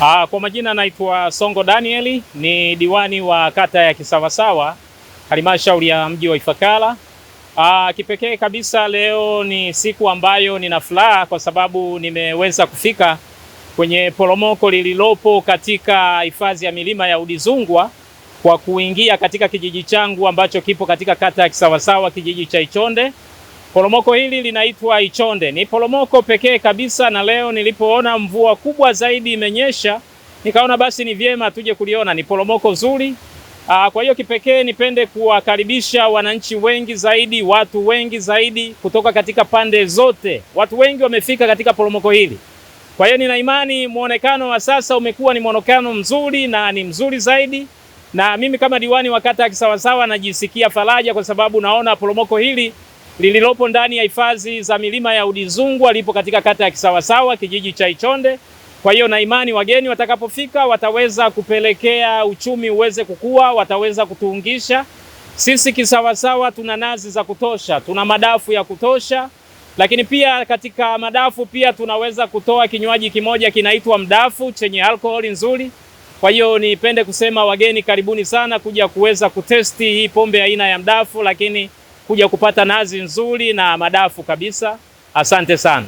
Aa, ah, kwa majina naitwa Songo Danieli, ni diwani wa kata ya Kisawasawa, halmashauri ya mji wa Ifakara. Ah, kipekee kabisa leo ni siku ambayo nina furaha kwa sababu nimeweza kufika kwenye poromoko lililopo katika hifadhi ya milima ya udizungwa kwa kuingia katika kijiji changu ambacho kipo katika kata ya Kisawasawa, kijiji cha Ichonde. Poromoko hili linaitwa Ichonde, ni poromoko pekee kabisa, na leo nilipoona mvua kubwa zaidi imenyesha, nikaona basi ni vyema tuje kuliona. Ni poromoko zuri. Aa, ah, kwa hiyo kipekee nipende kuwakaribisha wananchi wengi zaidi, watu wengi zaidi kutoka katika pande zote. Watu wengi wamefika katika poromoko hili, kwa hiyo nina imani muonekano wa sasa umekuwa ni muonekano mzuri na ni mzuri zaidi, na mimi kama diwani wa kata ya Kisawasawa najisikia faraja kwa sababu naona poromoko hili lililopo ndani ya hifadhi za milima ya udizungwa lipo katika kata ya Kisawasawa, kijiji cha Ichonde. Kwa hiyo na imani wageni watakapofika wataweza kupelekea uchumi uweze kukua, wataweza kutuungisha sisi. Kisawasawa tuna nazi za kutosha, tuna madafu ya kutosha, lakini pia katika madafu pia tunaweza kutoa kinywaji kimoja kinaitwa mdafu chenye alkoholi nzuri. Kwa hiyo nipende kusema wageni, karibuni sana kuja kuweza kutesti hii pombe aina ya, ya mdafu, lakini kuja kupata nazi nzuri na madafu kabisa. Asante sana.